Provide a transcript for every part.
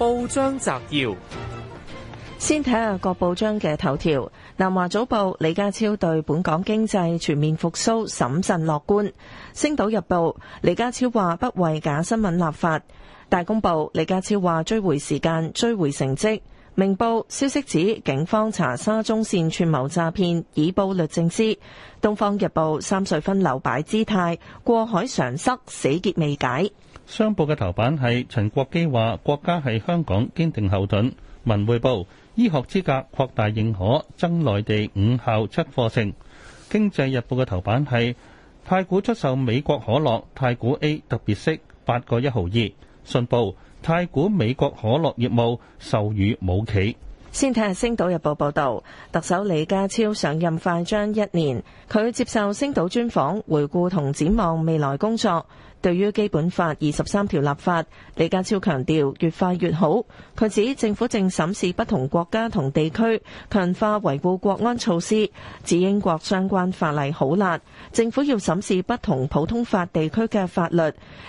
報章摘要，先睇下各報章嘅頭條。南華早報：李家超對本港經濟全面復蘇審慎樂觀。星島日報：李家超話不為假新聞立法。大公報：李家超話追回時間、追回成績。明報：消息指警方查沙中線串謀詐騙，以暴律政司。東方日報：三隧分流擺姿態，過海常塞，死結未解。商報嘅頭版係陳國基話國家係香港堅定後盾。文匯報，醫學資格擴大認可，增內地五校七課程。經濟日報嘅頭版係太古出售美國可樂，太古 A 特別息，八個一毫二。信報，太古美國可樂業務授予母企。先睇下星島日報報道，特首李家超上任快將一年，佢接受星島專訪，回顧同展望未來工作。對於基本法二十三條立法，李家超強調越快越好。佢指政府正審視不同國家同地區強化維護國安措施，指英國相關法例好辣。政府要審視不同普通法地區嘅法律，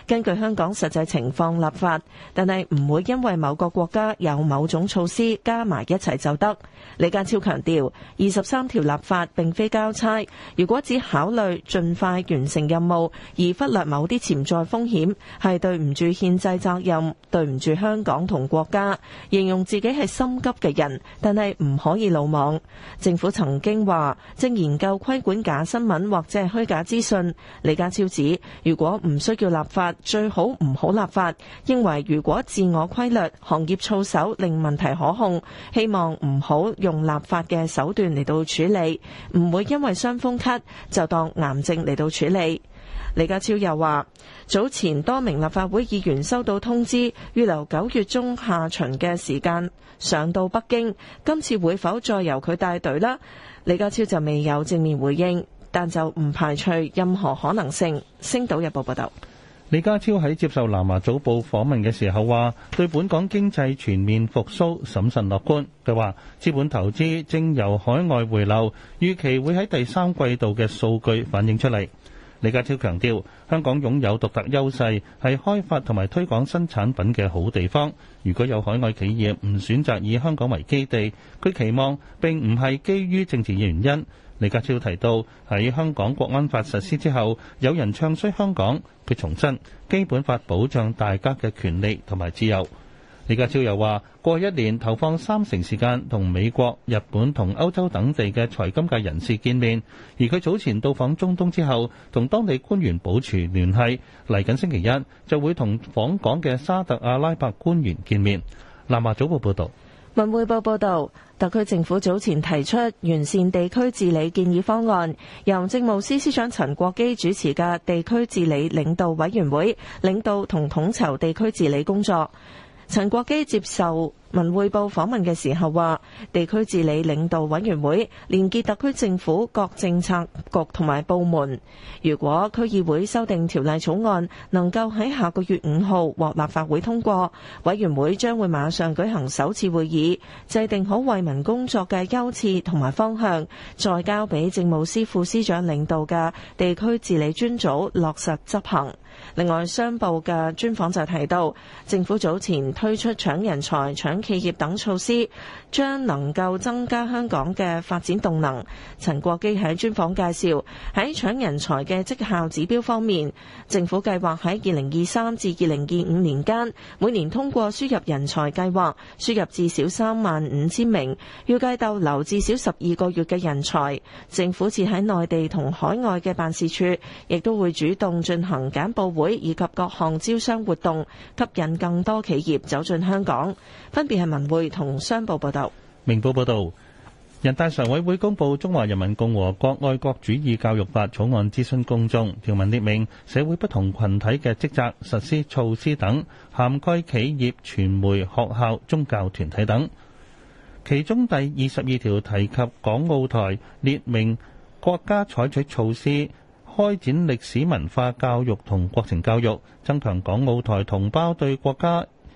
根據香港實際情況立法，但係唔會因為某個國家有某種措施加埋一齊就得。李家超強調，二十三條立法並非交差，如果只考慮盡快完成任務而忽略某啲潛存在風險，係對唔住憲制責任，對唔住香港同國家，形容自己係心急嘅人，但係唔可以魯莽。政府曾經話正研究規管假新聞或者虛假資訊，李家超指，如果唔需要立法，最好唔好立法，認為如果自我規律、行業操守令問題可控，希望唔好用立法嘅手段嚟到處理，唔會因為傷風咳就當癌症嚟到處理。李家超又話：早前多名立法會議員收到通知，預留九月中下旬嘅時間上到北京。今次會否再由佢帶隊呢？李家超就未有正面回應，但就唔排除任何可能性。星島日報報道，李家超喺接受《南華早報》訪問嘅時候話：對本港經濟全面復蘇審慎樂觀。佢話資本投資正由海外回流，預期會喺第三季度嘅數據反映出嚟。李家超強調，香港擁有獨特優勢，係開發同埋推廣新產品嘅好地方。如果有海外企業唔選擇以香港為基地，佢期望並唔係基於政治原因。李家超提到，喺香港國安法實施之後，有人唱衰香港，佢重申《基本法》保障大家嘅權利同埋自由。李家超又話：過去一年投放三成時間同美國、日本同歐洲等地嘅財金界人士見面。而佢早前到訪中東之後，同當地官員保持聯繫。嚟緊星期一就會同訪港嘅沙特阿拉伯官員見面。南華早報報道。文匯報報道，特區政府早前提出完善地區治理建議方案，由政務司司長陳國基主持嘅地區治理領導委員會，領導同統籌地區治理工作。陳國基接受。文匯報訪問嘅時候話，地區治理領導委員會連結特區政府各政策局同埋部門。如果區議會修訂條例草案能夠喺下個月五號獲立法會通過，委員會將會馬上舉行首次會議，制定好為民工作嘅優次同埋方向，再交俾政務司副司長領導嘅地區治理專組落實執行。另外，商報嘅專訪就提到，政府早前推出搶人才、搶企業等措施，將能夠增加香港嘅發展動能。陳國基喺專訪介紹，喺搶人才嘅績效指標方面，政府計劃喺二零二三至二零二五年間，每年通過輸入人才計劃輸入至少三萬五千名，預計逗留至少十二個月嘅人才。政府設喺內地同海外嘅辦事處，亦都會主動進行簡報會以及各項招商活動，吸引更多企業走進香港。分係文匯同商報報道，明報報道，人大常委會公布《中華人民共和國愛國主義教育法》草案諮詢公眾，條文列明社會不同群體嘅職責、實施措施等，涵蓋企業、傳媒、學校、宗教團體等。其中第二十二條提及港澳台，列明國家採取措施，開展歷史文化教育同國情教育，增強港澳台同胞對國家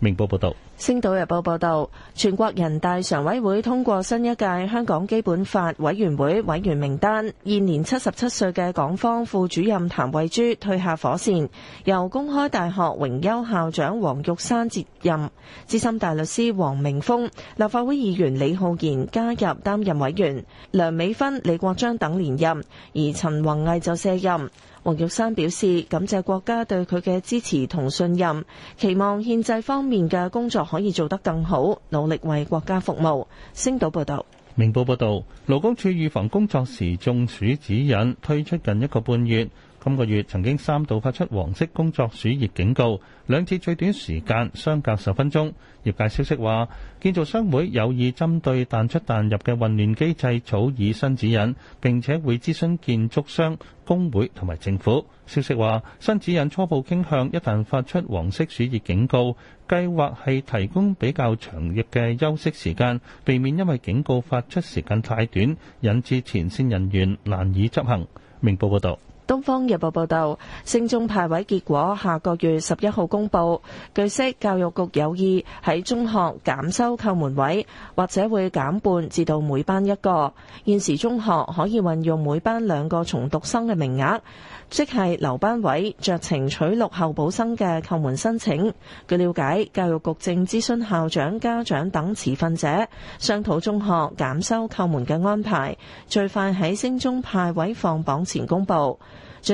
明報報道，《星島日報》報導，全國人大常委會通過新一屆香港基本法委員會委員名單，現年七十七歲嘅港方副主任譚慧珠退下火線，由公開大學榮休校長黃玉山接任，資深大律師黃明峰、立法會議員李浩然加入擔任委員，梁美芬、李國章等連任，而陳弘毅就卸任。黃玉山表示感謝國家對佢嘅支持同信任，期望憲制方面嘅工作可以做得更好，努力為國家服務。星島報道，明報報道，勞工處預防工作時中暑指引推出近一個半月。今個月曾經三度發出黃色工作暑熱警告，兩次最短時間相隔十分鐘。業界消息話，建造商會有意針對彈出彈入嘅混亂機制，草擬新指引，並且會諮詢建築商、工會同埋政府。消息話，新指引初步傾向一旦發出黃色暑熱警告，計劃係提供比較長嘅休息時間，避免因為警告發出時間太短，引致前線人員難以執行。明報報道。《東方日報》報道，升中派位結果下個月十一號公佈。據悉，教育局有意喺中學減收扣門位，或者會減半至到每班一個。現時中學可以運用每班兩個重讀生嘅名額，即係留班位，酌情取錄候補生嘅扣門申請。據了解，教育局正諮詢校長、家長等持份者，商討中學減收扣門嘅安排，最快喺升中派位放榜前公佈。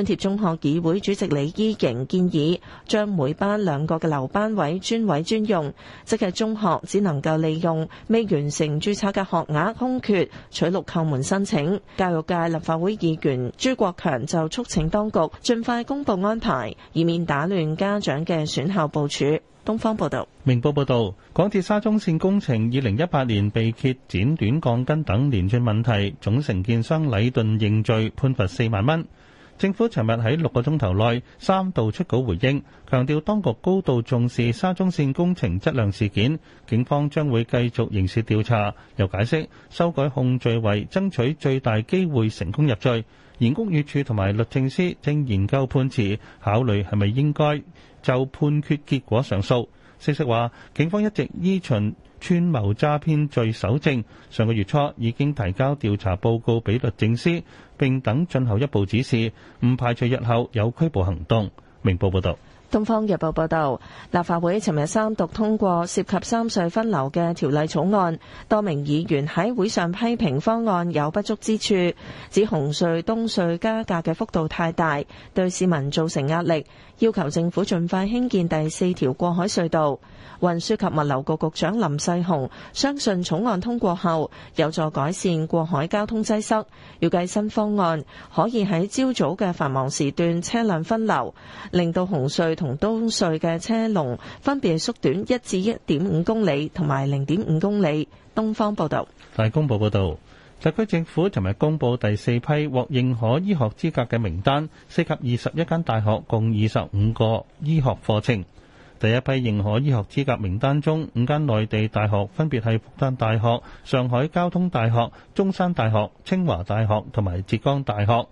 津貼中學議會主席李依瑩建議，將每班兩個嘅留班位專位專用，即係中學只能夠利用未完成註冊嘅學額空缺取錄叩門申請。教育界立法會議員朱國強就促請當局盡快公布安排，以免打亂家長嘅選校部署。東方報道、明報報道，港鐵沙中線工程二零一八年被揭剪短鋼筋等連串問題，總承建商禮頓認罪判罰四萬蚊。政府尋日喺六個鐘頭內三度出稿回應，強調當局高度重視沙中線工程質量事件，警方將會繼續刑事調查。又解釋修改控罪為爭取最大機會成功入罪，刑局與處同埋律政司正研究判詞，考慮係咪應該就判決結果上訴。消息話，警方一直依循串謀詐騙罪首證，上個月初已經提交調查報告俾律政司，並等進後一步指示，唔排除日後有拘捕行動。明報報道：《東方日報》報道，立法會尋日三讀通過涉及三隧分流嘅條例草案，多名議員喺會上批評方案有不足之處，指紅隧、東隧加價嘅幅度太大，對市民造成壓力。要求政府盡快興建第四條過海隧道。運輸及物流局局長林世雄相信草案通過後有助改善過海交通擠塞。預計新方案，可以喺朝早嘅繁忙時段車輛分流，令到紅隧同東隧嘅車龍分別縮短一至一點五公里同埋零點五公里。東方報道，大公報報道。特區政府今日公布第四批獲認可醫學資格嘅名單，涉及二十一間大學，共二十五個醫學課程。第一批認可醫學資格名單中，五間內地大學分別係復旦大學、上海交通大學、中山大學、清華大學同埋浙江大學。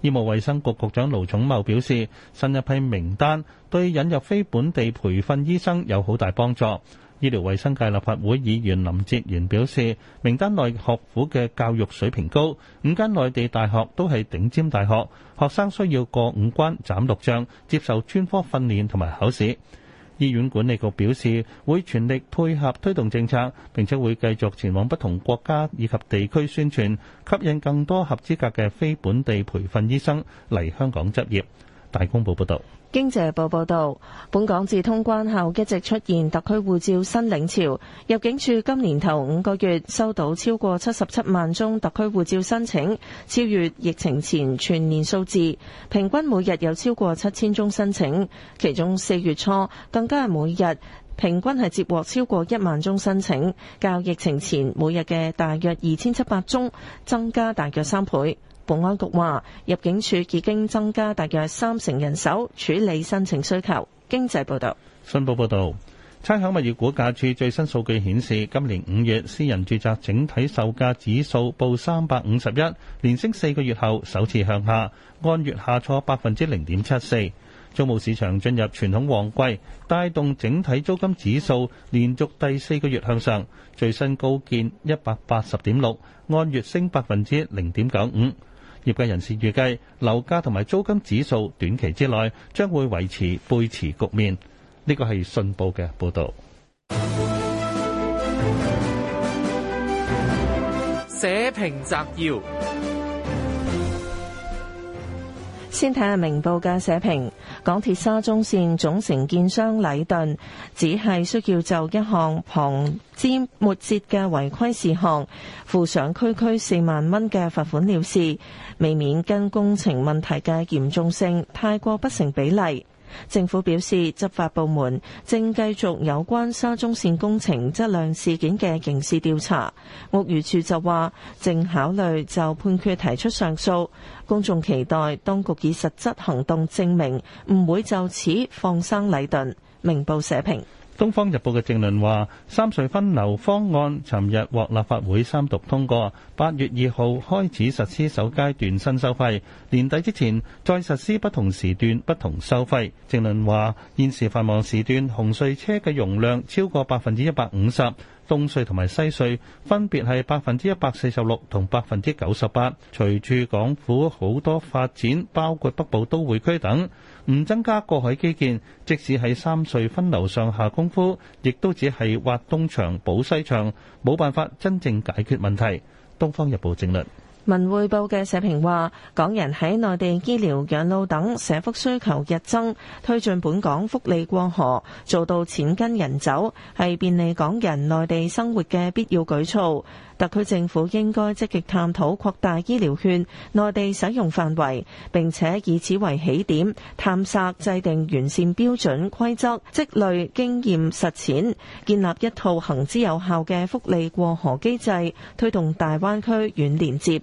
醫務衛生局局長盧寵茂表示，新一批名單對引入非本地培訓醫生有好大幫助。醫療衛生界立法會議員林哲源表示，名單內學府嘅教育水平高，五間內地大學都係頂尖大學，學生需要過五關斬六將，接受專科訓練同埋考試。醫院管理局表示，會全力配合推動政策，並且會繼續前往不同國家以及地區宣傳，吸引更多合資格嘅非本地培訓醫生嚟香港執業。大公報報道。《經濟報》報導，本港自通關後一直出現特區護照新領潮。入境處今年頭五個月收到超過七十七萬宗特區護照申請，超越疫情前全年數字，平均每日有超過七千宗申請。其中四月初更加係每日平均係接獲超過一萬宗申請，較疫情前每日嘅大約二千七百宗增加大約三倍。保安局話，入境處已經增加大約三成人手處理申請需求。經濟報道，信報報道，參考物業估價署最新數據顯示，今年五月私人住宅整體售價指數報三百五十一，連升四個月後首次向下，按月下挫百分之零點七四。租務市場進入傳統旺季，帶動整體租金指數連續第四個月向上，最新高見一百八十點六，按月升百分之零點九五。業界人士預計，樓價同埋租金指數短期之內將會維持背馳局面。呢個係信報嘅報道。社評摘要。先睇下明報嘅社評，港鐵沙中線總承建商禮頓只係需要就一項旁枝末節嘅違規事項，付上區區四萬蚊嘅罰款了事，未免跟工程問題嘅嚴重性太過不成比例。政府表示，執法部門正繼續有關沙中線工程質量事件嘅刑事調查。屋宇署就話，正考慮就判決提出上訴。公眾期待當局以實質行動證明唔會就此放生禮頓。明報社評。《東方日報》嘅正論話，三隧分流方案尋日獲立，立法會三讀通過，八月二號開始實施首階段新收費，年底之前再實施不同時段不同收費。正論話，現時繁忙時段紅隧車嘅容量超過百分之一百五十，東隧同埋西隧分別係百分之一百四十六同百分之九十八。隨住港府好多發展，包括北部都會區等。唔增加過海基建，即使喺三隧分流上下功夫，亦都只係挖東牆補西牆，冇辦法真正解決問題。《東方日報》政論。《文匯報》嘅社評話，港人喺內地醫療、養老等社福需求日增，推進本港福利過河，做到錢跟人走，係便利港人內地生活嘅必要舉措。特區政府應該積極探討擴大醫療券內地使用範圍，並且以此為起點，探索制定完善標準規則，積累經驗實踐，建立一套行之有效嘅福利過河機制，推動大灣區軟連結。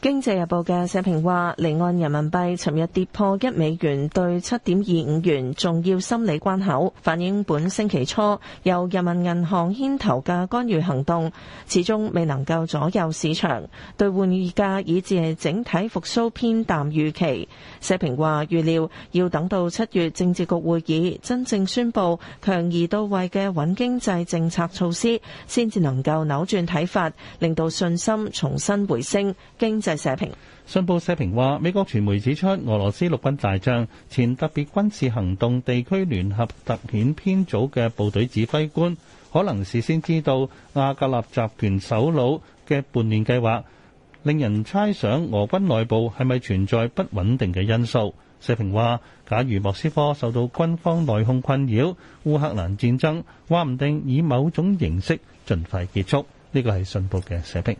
經濟日報嘅社評話，離岸人民幣尋日跌破一美元兌七點二五元重要心理關口，反映本星期初由人民銀行牽頭嘅干預行動始終未能夠左右市場兌匯價，以至係整體復蘇偏淡預期。社評話，預料要等到七月政治局會議真正宣布強而到位嘅穩經濟政策措施，先至能夠扭轉睇法，令到信心重新回升。經《經濟社評》信報社評話，美國傳媒指出，俄羅斯陸軍大將前特別軍事行動地區聯合特遣編組嘅部隊指揮官，可能事先知道亞格納集團首腦嘅叛亂計劃，令人猜想俄軍內部係咪存在不穩定嘅因素。社評話，假如莫斯科受到軍方內訌困擾，烏克蘭戰爭，話唔定以某種形式盡快結束。呢個係信報嘅社評。